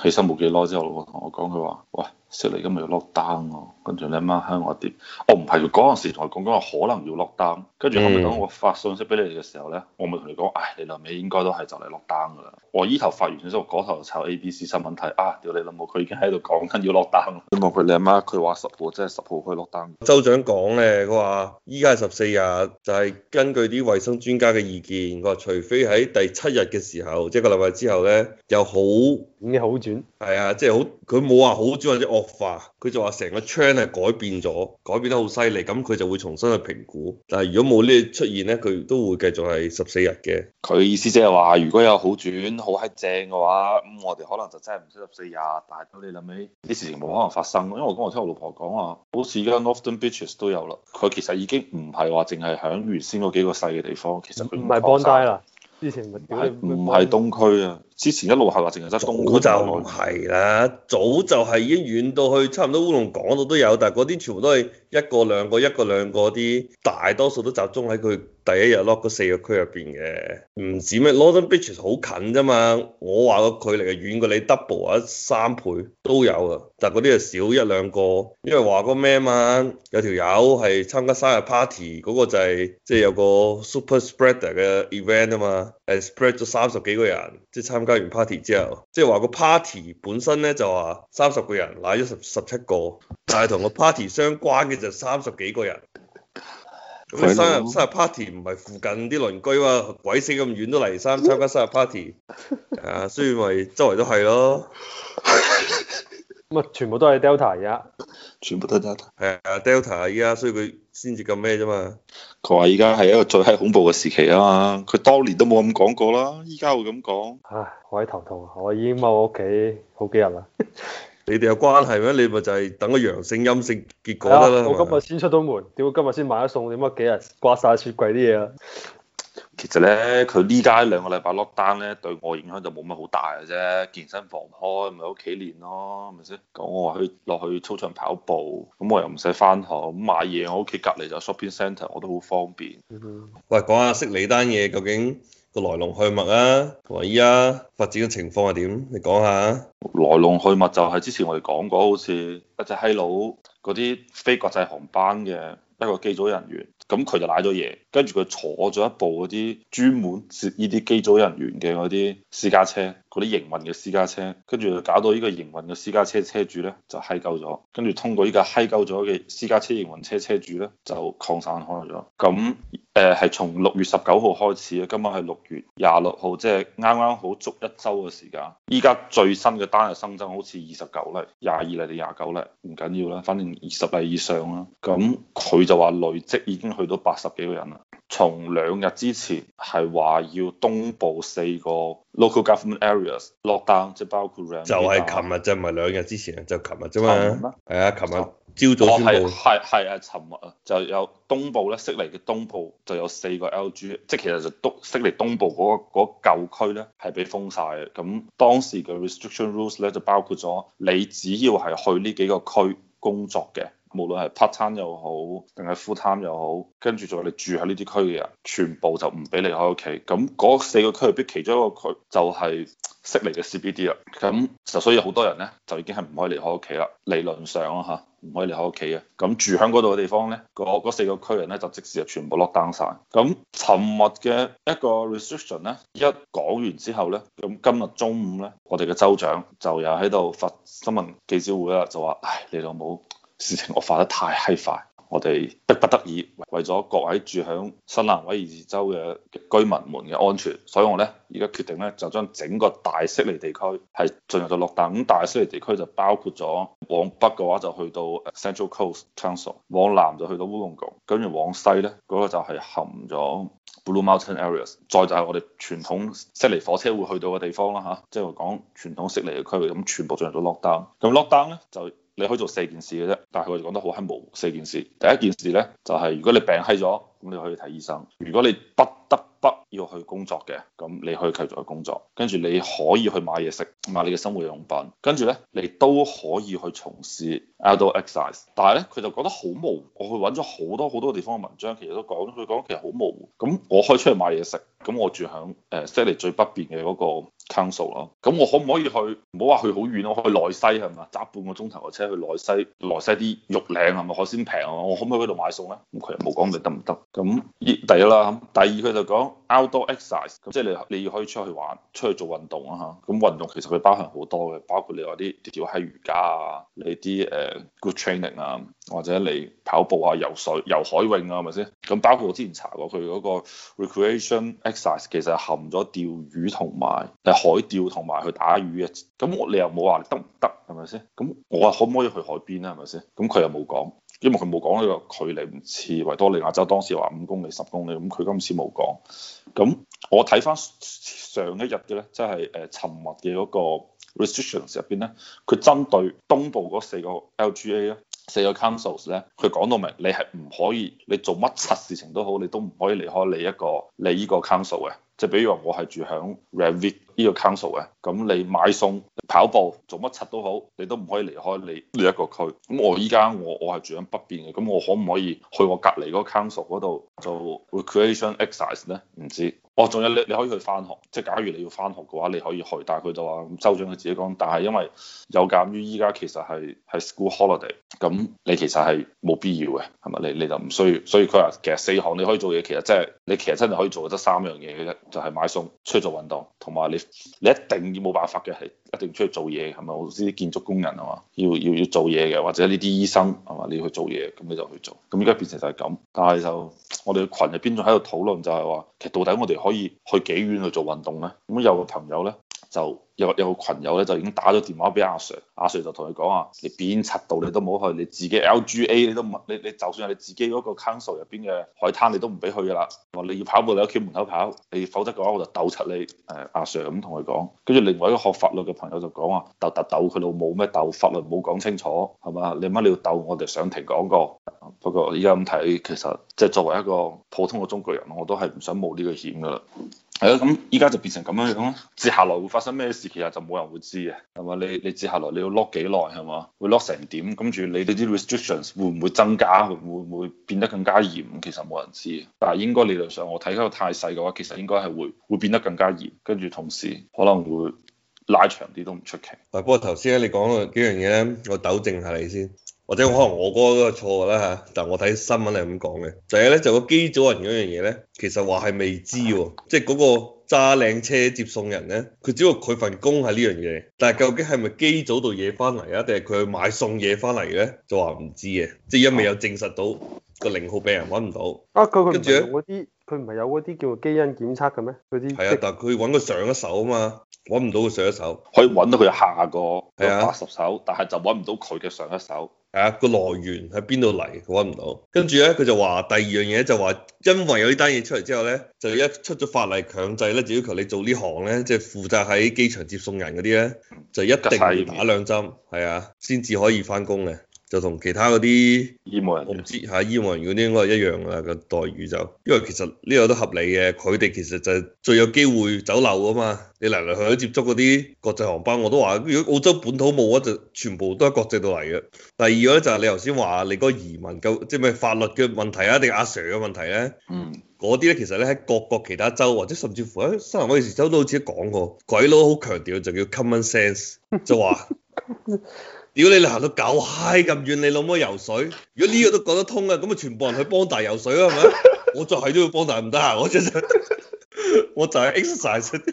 起身冇幾耐之後，我我說說，老婆同我講：“佢話：‘喂’。”食嚟咁咪要落單喎，跟住你阿媽喺我啲，我唔係，嗰陣時同佢講講話可能要落單，跟住後面等我發信息俾你嘅時候咧，我咪同你講，唉、哎，你嚟尾應該都係就嚟落單噶啦，我、哦、依頭發完信息，嗰頭就查 A B C 新聞睇，啊，屌你老母，佢已經喺度講緊要落單，希望佢你阿媽，媽，佢話十號，即係十號去落單。州長講咧，佢話依家係十四日，就係、是、根據啲衞生專家嘅意見，佢話除非喺第七日嘅時候，一、就是、個禮拜之後咧，有好點嘅好轉，係啊，即係好，佢冇話好轉或者惡化，佢就話成個 trend 係改變咗，改變得好犀利，咁佢就會重新去評估。但係如果冇呢啲出現呢，佢都會繼續係十四日嘅。佢意思即係話，如果有好轉、好閪正嘅話，咁我哋可能就真係唔知十四日。但係都你諗起啲事情冇可能發生，因為我今日聽我老婆講話，好似而家 Northern Beaches 都有啦。佢其實已經唔係話淨係響原先嗰幾個細嘅地方，其實佢唔係邦街啦，之前唔係唔係東區啊。之前一路話淨係得東莞，就係啦，早就係已經遠到去差唔多烏龍港度都有，但係嗰啲全部都係一個兩個一個兩個啲，大多數都集中喺佢第一日 lock 嗰四個區入邊嘅。唔止咩，London Beach 好近啫嘛，我話個距離係遠過你 double 或三倍都有啊，但係嗰啲就少一兩個，因為話個咩啊嘛，有條友係參加生日 party 嗰個就係即係有個 super spreader 嘅 event 啊嘛。誒，spread 咗三十幾個人，即係參加完 party 之後，即係話個 party 本身咧就話三十個人，拉咗十十七個，但係同個 party 相關嘅就三十幾個人。咁啊，生日的生日 party 唔係附近啲鄰居嘛，鬼死咁遠都嚟三參加生日 party，係啊，所以咪周圍都係咯。咁啊，全部都係 Delta 而家，全部都 Del 啊、Delta，係啊，Delta 依家所以佢先至咁咩啫嘛。佢話依家係一個最閪恐怖嘅時期啊！佢當年都冇咁講過啦，依家會咁講。唉，我喺頭痛啊！我已經踎喺屋企好幾日啦。 你哋有關係咩？你咪就係等個陽性陰性結果得啦。我今日先出到門，屌今日先買咗餸，點解幾日刮晒雪櫃啲嘢啊？其實咧，佢呢家兩個禮拜 lockdown 咧，對我影響就冇乜好大嘅啫。健身房唔開，咪喺屋企練咯，係咪先？咁我話去落去操場跑步，咁我又唔使返學。咁買嘢，我屋企隔離就 shopping centre，我都好方便。嗯嗯、喂，講下悉尼單嘢究竟個來龍去脈啊！同埋依家發展嘅情況係點？你講下。來龍去脈就係之前我哋講過，好似一隻閪佬嗰啲非國際航班嘅。一個機組人員，咁佢就瀨咗嘢，跟住佢坐咗一部嗰啲專門接呢啲機組人員嘅嗰啲私家車，嗰啲營運嘅私家車，跟住就搞到呢個營運嘅私家車車主呢，就嗨鳩咗，跟住通過呢個嗨鳩咗嘅私家車營運車車主呢，就擴散開咗，咁誒係從六月十九號開始，今晚係六月廿六號，即係啱啱好足一周嘅時間，依家最新嘅單日新增好似二十九例、廿二例定廿九例，唔緊要啦，反正二十例以上啦，咁佢。就話累積已經去到八十幾個人啦。從兩日之前係話要東部四個 local government areas lockdown，即包括 ida, 就係琴日啫，唔係兩日之前就琴日啫嘛。係啊，琴日朝早宣布。係係啊，琴日啊，就有東部咧，悉尼嘅東部就有四個 LG，即其實就都悉尼東部嗰、那個嗰、那個、舊區咧係被封晒嘅。咁當時嘅 restriction rules 咧就包括咗，你只要係去呢幾個區工作嘅。無論係 part time 又好，定係 full time 又好，跟住仲有你住喺呢啲區嘅人，全部就唔俾你離開屋企。咁嗰四個區入邊，其中一個區就係悉尼嘅 CBD 啦。咁就所以好多人咧，就已經係唔可以離開屋企啦。理論上啊吓，唔可以離開屋企嘅。咁住喺嗰度嘅地方咧，嗰四個區人咧就即時就全部 lockdown 曬。咁尋日嘅一個 restriction 咧，一講完之後咧，咁今日中午咧，我哋嘅州長就又喺度發新聞記者會啦，就話：「唉，你老母。」事情惡化得太閪快，我哋迫不得已為咗各位住響新南威爾士州嘅居民們嘅安全，所以我咧而家決定咧就將整個大悉尼地區係進入咗 lockdown 咁大悉尼地區就包括咗往北嘅話就去到 Central Coast Council，往南就去到烏龍崗，跟住往西咧嗰個就係含咗 Blue Mountain Areas，再就係我哋傳統悉尼火車會去到嘅地方啦吓，即係講傳統悉尼嘅區域，咁全部進入咗 lockdown。咁 lockdown 咧就。你可以做四件事嘅啫，但係我哋講得好閪模糊四件事。第一件事咧，就係、是、如果你病閪咗。咁你可以睇醫生。如果你不得不要去工作嘅，咁你可以繼續去工作。跟住你可以去買嘢食，買你嘅生活用品。跟住呢，你都可以去從事 Outdoor Exercise。但係呢，佢就覺得好模糊。我去揾咗好多好多地方嘅文章，其實都講，佢講其實好模糊。咁我開出去買嘢食，咁我住喺誒悉尼最北邊嘅嗰個 Council 咯。咁我可唔可以去？唔好話去好遠咯，去內西係嘛？揸半個鐘頭嘅車去內西，內西啲肉靚係咪？海鮮平啊，我可唔可以喺度買餸咧？咁佢冇講你得唔得。咁第一啦，第二佢就講 outdoor exercise，咁即係你你要可以出去玩，出去做運動啊吓。咁運動其實佢包含好多嘅，包括你話啲跳起瑜伽啊，你啲誒、uh, good training 啊，或者你跑步啊、游水、游海泳啊，係咪先？咁包括我之前查過佢嗰個 recreation exercise，其實含咗釣魚同埋誒海釣同埋去打魚嘅。咁我你又冇話你得唔得，係咪先？咁我話可唔可以去海邊啊，係咪先？咁佢又冇講。因為佢冇講呢個距離，唔似維多利亞州當時話五公里十公里，咁佢今次冇講。咁我睇翻上一日嘅咧，即係誒沉默嘅嗰個 restrictions 入邊咧，佢針對東部嗰四個 LGA 咧，四個 councils 咧，佢講到明你係唔可以，你做乜柒事情都好，你都唔可以離開你一個你呢個 council 嘅。即係比如話，我係住響 Ravik 呢個 Council 嘅，咁你買餸、跑步、做乜柒都好，你都唔可以離開你呢一個區。咁我依家我我係住響北邊嘅，咁我可唔可以去我隔離嗰個 Council 嗰度做 Recreation Exercise 咧？唔知。哦，仲有你你可以去翻學，即係假如你要翻學嘅話，你可以去。但係佢就話，州長佢自己講，但係因為有鑑於依家其實係係 school holiday，咁你其實係冇必要嘅，係咪？你你就唔需要。所以佢話其實四項你可以做嘢，其實即係你其實真係可以做得三樣嘢嘅，就係買餸、出去做運動，同埋你你一定要冇辦法嘅係。一定出去做嘢，係咪？好似啲建築工人啊嘛，要要要做嘢嘅，或者呢啲醫生啊嘛，你要去做嘢，咁你就去做。咁而家變成就係咁，但係就我哋嘅群入邊仲喺度討論，就係話，其實到底我哋可以去幾遠去做運動咧？咁有個朋友咧。就有個有個羣友咧，就已經打咗電話俾阿 Sir，阿 Sir 就同佢講啊，你邊七度你都冇去，你自己 LGA 你都唔，你你就算係你自己嗰個 council 入邊嘅海灘，你都唔俾去噶啦。話你要跑步，你喺屋企門口跑，你否則嘅話我就鬥柒你，誒阿 Sir 咁同佢講。跟住另外一個學法律嘅朋友就講話，鬥鬥鬥佢老母咩鬥，鬥法律冇講清楚，係嘛？你乜你要鬥？我哋上庭講過。不過依家咁睇，其實即係作為一個普通嘅中國人，我都係唔想冒呢個險噶啦。係咯，咁依家就變成咁樣樣咯。接下來會發生咩事，其實就冇人會知嘅，係嘛？你你接下來你要 lock 幾耐，係嘛？會 lock 成點？跟住你哋啲 restrictions 會唔會增加？會唔會變得更加嚴？其實冇人知。但係應該理論上，我睇個態勢嘅話，其實應該係會會變得更加嚴，跟住同時可能會拉長啲都唔出奇。喂，不過頭先咧你講幾樣嘢咧，我糾正下你先。或者可能我哥都係錯啦嚇，但係我睇新聞係咁講嘅。第二咧就是、個機組人嗰樣嘢咧，其實話係未知喎，即係嗰個揸靚車接送人咧，佢只要佢份工係呢樣嘢，但係究竟係咪機組度嘢翻嚟啊，定係佢去買餸嘢翻嚟咧？就話唔知嘅，即、就、係、是、因為有證實到個零號病人揾唔到。啊，佢佢唔啲，佢唔係有嗰啲叫基因檢測嘅咩？嗰啲係啊，但係佢揾佢上一手啊嘛，揾唔到佢上一手，可以揾到佢下個係啊、八十手，啊、但係就揾唔到佢嘅上一手。係啊，個來源喺邊度嚟，佢揾唔到。跟住咧，佢就話第二樣嘢就話，因為有呢單嘢出嚟之後咧，就一出咗法例強制咧，就要求你做呢行咧，即係負責喺機場接送人嗰啲咧，就一定打兩針係啊，先至可以翻工嘅。就同其他嗰啲醫務人員我，我唔知吓醫務人員啲應該係一樣啊，個待遇就，因為其實呢個都合理嘅，佢哋其實就最有機會走漏啊嘛，你嚟嚟去去接觸嗰啲國際航班，我都話如果澳洲本土冇啊，就全部都係國際度嚟嘅。第二個咧就係、是、你頭先話你嗰個移民嘅即係咪法律嘅問題啊，定阿 Sir 嘅問題咧？嗯。嗰啲咧其實咧喺各國其他州或者甚至乎喺新南威爾士州都好似講過，鬼佬好強調就叫 common sense，就話。 屌你！你行到九閪咁遠，你老母游水。如果呢個都講得通啊，咁啊全部人去幫大游水咯，係咪？ 我就係都要幫大唔得閒！我真真， 我就係 exercise。係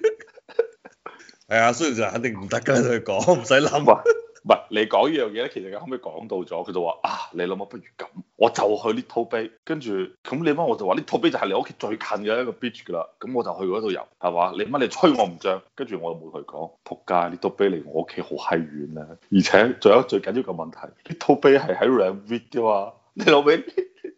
啊、哎，雖然就肯定唔得噶，同佢講唔使諗啊。唔係，你講呢樣嘢咧，其實可唔可以講到咗？佢就話啊，你老母不如咁。我就去呢套碑，跟住咁你媽，我就話呢套碑就係你屋企最近嘅一個 beach 啦。咁我就去嗰度游，係嘛？你媽，你吹我唔漲，跟住我就冇同佢講仆街，呢套碑離我屋企好閪遠啊！而且仲有一個最緊要嘅問題，呢套碑係喺 round bid 㗎嘛？你諗明？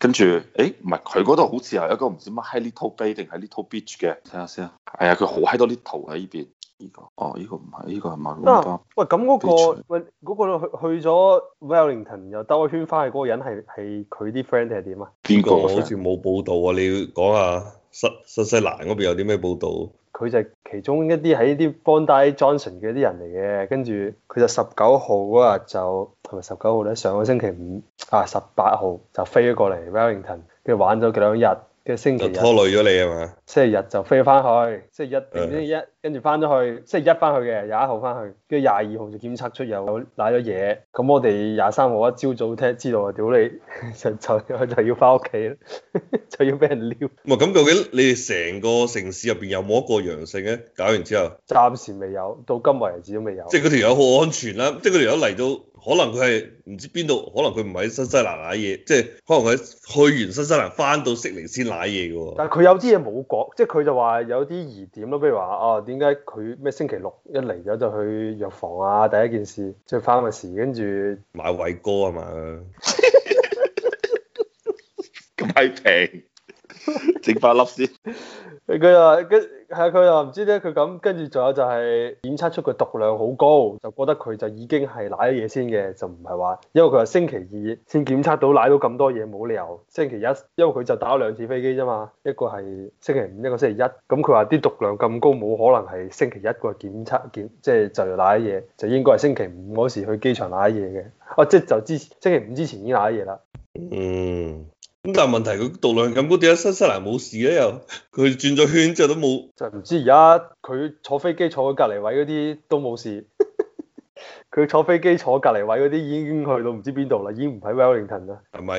跟住，誒、欸，唔係佢嗰度好似係一個唔知乜閪 Little Bay 定係 Little Beach 嘅，睇下先。係、哎、啊，佢好閪多啲圖喺呢邊。依個，哦球，呢個唔係，呢個係麥喂，咁嗰個，喂，嗰個去去咗 Wellington 又兜個圈翻嚟嗰個人係係佢啲 friend 定係點啊？邊個？好似冇報道啊！你要講下新新西蘭嗰邊有啲咩報道？佢就是其中一啲喺啲幫 Die j o h n o n 嘅啲人嚟嘅，跟住佢就十九號嗰日就同埋十九號咧，上個星期五啊十八號就飛咗過嚟 Wellington，跟住玩咗幾兩日。嘅星期日拖累咗你係嘛？星期日就飛翻去，星期一地一跟住翻咗去，星期一翻去嘅廿一號翻去，跟住廿二號就檢測出有瀨咗嘢，咁我哋廿三號一朝早聽知道啊，屌你，就就就要翻屋企，就要俾 人撩。咁究竟你哋成個城市入邊有冇一個陽性呢？搞完之後暫時未有，到今為止都未有。即係嗰條友好安全啦，即係嗰條友嚟到。可能佢係唔知邊度，可能佢唔喺新西蘭瀨嘢，即係可能佢去完新西蘭翻到悉尼先瀨嘢嘅。但係佢有啲嘢冇講，即係佢就話有啲疑點咯，比如話啊，點解佢咩星期六一嚟咗就去藥房啊？第一件事，即係翻個時，跟住買偉哥啊嘛，咁係平。整 翻粒先。佢又跟係啊，佢又唔知點解佢咁。跟住仲有就係檢測出佢毒量好高，就覺得佢就已經係瀨咗嘢先嘅，就唔係話因為佢話星期二先檢測到瀨到咁多嘢，冇理由星期一，因為佢就打咗兩次飛機啫嘛，一個係星期五，一個星期一。咁佢話啲毒量咁高，冇可能係星期一嗰日檢測即係就嚟瀨嘢，就應該係星期五嗰時去機場瀨嘢嘅。哦，即係就之前星期五之前已經瀨嘢啦。嗯。咁但係問題，佢度量咁高，點解新西蘭冇事咧？又佢轉咗圈之後都冇，就唔知而家佢坐飛機坐喺隔籬位嗰啲都冇事。佢 坐飛機坐隔籬位嗰啲已經去到唔知邊度啦，已經唔喺 Wellington 啦。係咪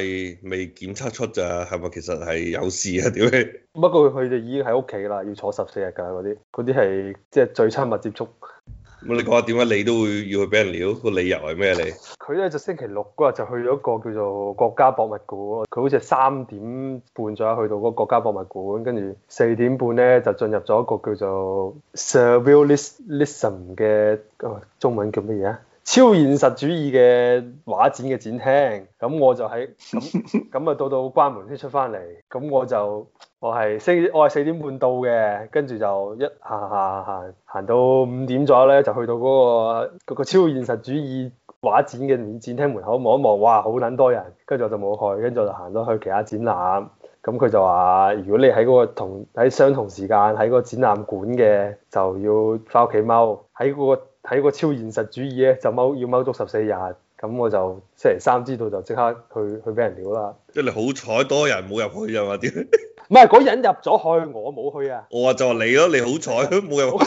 未檢測出咋？啊？係咪其實係有事啊？屌，點解？不過佢哋已經喺屋企啦，要坐十四日噶嗰啲，嗰啲係即係最親密接觸。 你講下點解你都會要去俾人撩？個理由係咩？你佢咧就星期六嗰日就去咗一個叫做國家博物館，佢好似係三點半左右去到嗰國家博物館，跟住四點半咧就進入咗一個叫做 Servialism 嘅，中文叫乜嘢？超現實主義嘅畫展嘅展廳，咁我就喺咁咁啊，到到關門先出翻嚟。咁我就我係四我係四點半到嘅，跟住就一行行行行到五點左右呢，就去到嗰個嗰個超現實主義畫展嘅展廳門口望一望，哇！好撚多人，跟住我就冇去，跟住我就行咗去其他展覽。咁佢就話：如果你喺嗰個同喺相同時間喺嗰個展覽館嘅，就要翻屋企踎喺嗰個。睇個超現實主義咧，就踎要踎足十四日，咁我就星期三知道就即刻去去俾人撩啦。即係你好彩多人冇入去啊嘛？啲唔係嗰人入咗去，我冇去啊。我話就話你咯，你好彩冇入。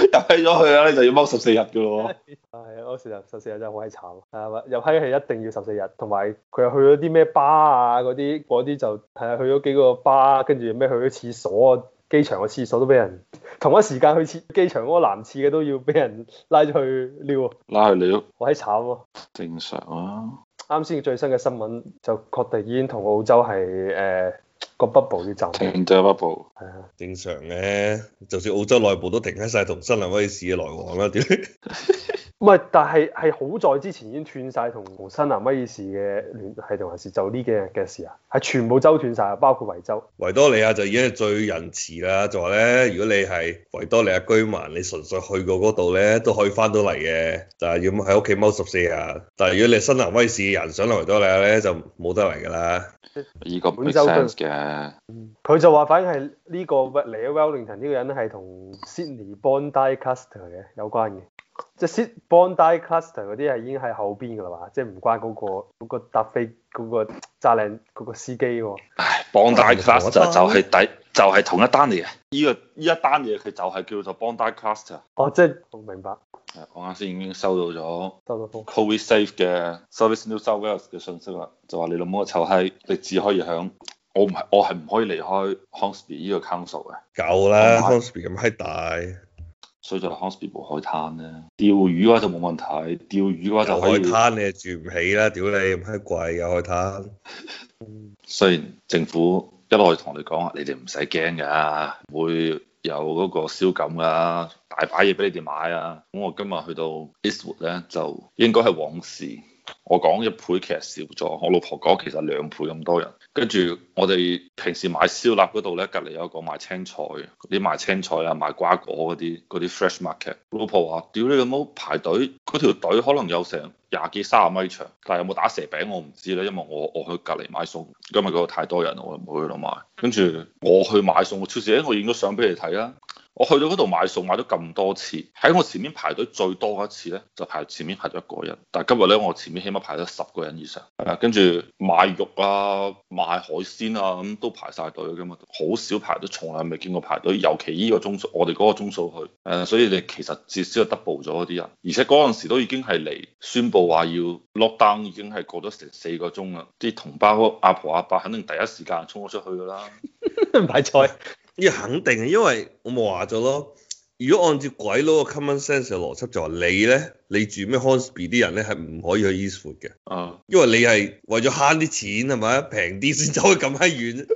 入閪咗去啊！你就要踎十四日嘅咯。係啊，十四日十四日真係好閪慘。係入閪係一定要十四日，同埋佢又去咗啲咩巴啊？嗰啲嗰啲就睇下去咗幾個巴，跟住咩去咗廁所。機場個廁所都俾人同一時間去廁，機場嗰個男廁嘅都要俾人拉咗去撩，拉去撩，好閪慘咯、啊。正常啊。啱先最新嘅新聞就確定已經同澳洲係誒、呃、個 bubble 要暫停，再 bubble 係啊，正常咧、啊。就算澳洲內部都停喺晒同新南威士嘅來往啦、啊。點？ 唔係，但係係好在之前已經斷晒同新南威爾士嘅聯繫，同還是就呢幾日嘅事啊，係全部周斷曬，包括維州、維多利亞就已經係最仁慈啦，就話咧，如果你係維多利亞居民，你純粹去過嗰度咧，都可以翻到嚟嘅，就係要喺屋企踎十四日。但係如果你係新南威爾士嘅人想嚟維多利亞咧，就冇得嚟噶啦。呢、嗯呢個本州嘅佢就話，反係呢個嚟咗 Wellington 呢個人咧，係同 Sydney Bondi Cluster 嘅有關嘅。即係 Bondi cluster 嗰啲啊，已經喺後邊㗎啦嘛，即係唔關嗰個嗰、嗰個搭飛嗰個揸靚嗰個司機喎。唉，Bondi cluster 就係抵，就係同一單嚟嘅。依個呢一單嘢佢就係叫做 Bondi cluster。哦，即係好明白。我啱先已經收到咗 COVIDSafe 嘅 Service New South Wales 嘅信息啦，就話你老母就閪，你只可以響我唔係我係唔可以離開 Hornsby 依個 council 嘅。夠啦 Hornsby 咁閪大。所以就嚟 Hospital 海灘咧，釣魚嘅話就冇問題，釣魚嘅話就海灘你係住唔起啦，屌你咁閪貴嘅海灘。雖然政府一來同你講，你哋唔使驚㗎，會有嗰個燒感㗎，大把嘢俾你哋買啊。咁我今日去到 Eastwood 咧，就應該係往事。我講一倍，其實少咗；我老婆講其實兩倍咁多人。跟住我哋平時買燒臘嗰度咧，隔離有一個賣青菜，啲賣青菜啊賣瓜果嗰啲嗰啲 fresh market。老婆話：屌你老母排隊，嗰條隊可能有成廿幾三十米長，但係有冇打蛇餅我唔知咧，因為我我去隔離買餸，因為嗰度太多人，我冇去度買。跟住我去買餸個超市，誒，我影咗相俾你睇啦。我去到嗰度買餸買咗咁多次，喺我前面排隊最多一次呢，就排前面排咗一個人。但係今日呢，我前面起碼排咗十個人以上。係啊，跟住買肉啊、買海鮮啊咁都排晒隊㗎嘛，好少排隊，從來，未見過排隊。尤其呢個鐘數，我哋嗰個鐘數去，誒，所以你其實至少係 double 咗啲人。而且嗰陣時都已經係嚟，宣佈話要 lockdown 已經係過咗成四個鐘啦。啲同胞阿婆阿伯肯定第一時間衝咗出去㗎啦，買菜。呢肯定啊，因為我咪話咗咯，如果按照鬼佬個 common sense 嘅邏輯，就話你咧，你住咩 Hornsby 啲人咧，係唔可以去 Eastwood 嘅。啊，因為你係為咗慳啲錢係咪啊，平啲先走去咁閪遠。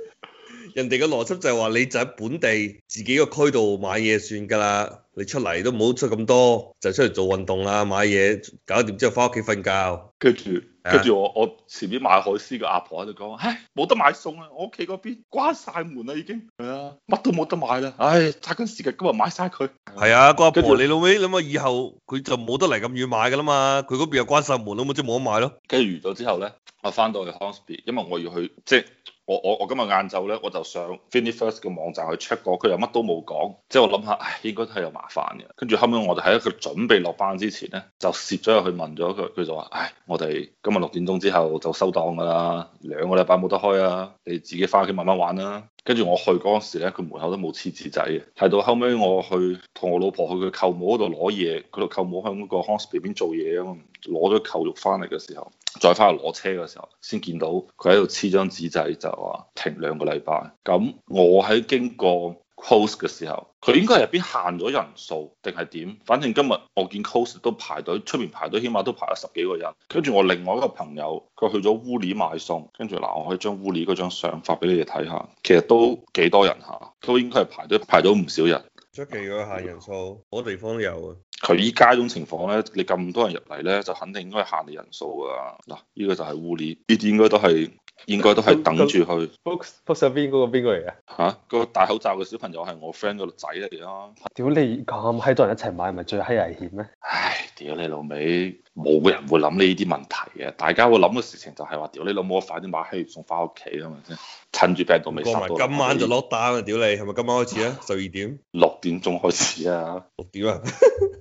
人哋嘅邏輯就係話，你就喺本地自己個區度買嘢算㗎啦，你出嚟都唔好出咁多，就出嚟做運動啦，買嘢搞掂之後翻屋企瞓覺，跟住。跟住、啊、我，我前邊買海鮮嘅阿婆喺度講，唉，冇得買餸啊！我屋企嗰邊關曬門啦，已經係啊，乜都冇得買啦！唉，差緊時間今日買晒佢。係啊，個阿、啊、婆著你老味諗啊，以後佢就冇得嚟咁遠買㗎啦嘛，佢嗰邊又關晒門啦嘛，即係冇得買咯。跟住完咗之後咧，我翻到去康斯比，因為我要去即係。我我我今日晏晝咧，我就上 Fitness First 嘅網站去 check 過，佢又乜都冇講，即係我諗下，唉，應該係有麻煩嘅。跟住後尾，我就喺佢個準備落班之前咧，就攝咗入去問咗佢，佢就話：唉，我哋今日六點鐘之後就收檔㗎啦，兩個禮拜冇得開啊，你自己翻屋企慢慢玩啦。跟住我去嗰陣時咧，佢門口都冇黐紙仔嘅，睇到後尾我去同我老婆去佢舅母嗰度攞嘢，佢度舅母喺嗰個 Hornsby 邊做嘢啊嘛，攞咗扣肉翻嚟嘅時候，再翻嚟攞車嘅時候，先見到佢喺度黐張紙仔就話停兩個禮拜，咁我喺經過，Post 嘅時候，佢應該係入邊限咗人數定係點？反正今日我見 Post 都排隊，出面排隊，起碼都排咗十幾個人。跟住我另外一個朋友，佢去咗烏里買餸，跟住嗱，我可以將烏里嗰張相發俾你哋睇下，其實都幾多人嚇，都應該係排隊排咗唔少人。出奇嘅人數，好多、啊、地方都有啊。佢依家種情況咧，你咁多人入嚟咧，就肯定應該係限你人數㗎。嗱、啊，呢、呢個就係烏里，呢啲應該都係。應該都係等住去。book book 上邊嗰個邊個嚟嘅？吓，嗰個戴口罩嘅小朋友係我 friend 個仔嚟啊。屌你咁閪多人一齊買，係咪最閪危險咩？唉，屌你老味，冇人會諗呢啲問題嘅。大家會諗嘅事情就係、是、話，屌你老母，我快啲買閪送翻屋企吖嘛，即係。趁住病毒未過今晚就 lockdown 啊！屌你，係咪今晚開始啊？十二點？六點鐘開始啊？六點啊？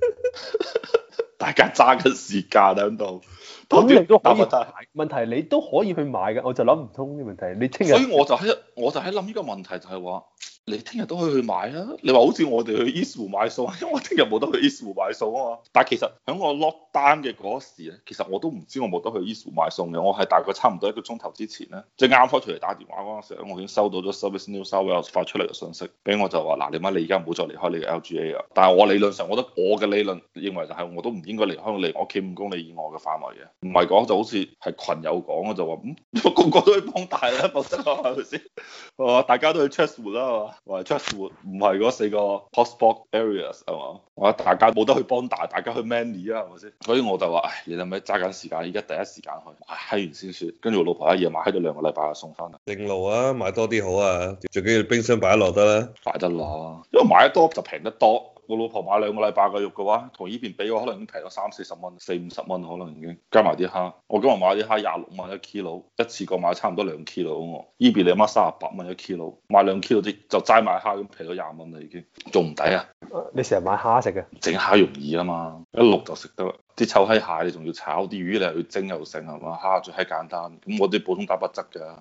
大家揸緊時間響度。咁你都可以問題，問題你都可以去買嘅，我就諗唔通呢個問題，你聽日，所以我就喺，我就喺諗呢個問題，就是，就係話。你聽日都可以去買啦、啊。你話好似我哋去 Eastwood 買餸，因為我聽日冇得去 Eastwood 買餸啊嘛。但係其實喺我落單嘅嗰時咧，其實我都唔知我冇得去 Eastwood 買餸嘅。我係大概差唔多一個鐘頭之前咧，即係啱開出嚟打電話嗰陣時候我已經收到咗 Service New South Wales 發出嚟嘅信息，俾我就話嗱，à, 你媽你而家唔好再離開你嘅 LGA 啊！但係我理論上，我覺得我嘅理論認為就係、是，我都唔應該離開離我屋企五公里以外嘅範圍嘅。唔係講就好似係群友講啊，就話嗯，個個都去幫大啦，得唔得啊？係咪先？ 大家都去 Chatswood 啦，或 just 唔係嗰四個 hotspot areas 係嘛？我大家冇得去幫大，大家去 manage 啊，係咪先？所以我就話：唉，你哋咪揸緊時間，而家第一時間去，買閪完先算。跟住我老婆喺夜晚閪咗兩個禮拜，就送翻嚟。正路啊，買多啲好啊，最緊要冰箱擺落得啦，擺得落。因為買得多就平得多。我老婆買兩個禮拜嘅肉嘅話，同呢邊比我可能已經平咗三四十蚊，四五十蚊可能已經，加埋啲蝦。我今日買啲蝦廿六蚊一 kilo，一次過買差唔多兩 kilo 我。依邊你媽三十八蚊一 kilo，買兩 kilo 啲就齋買蝦咁平咗廿蚊啦已經，仲唔抵啊？你成日買蝦食嘅，整蝦容易啊嘛，一碌就食得。啲臭閪蟹你仲要炒，啲魚你係要蒸又剩係嘛？蝦最係簡單，咁我啲補充蛋白質噶。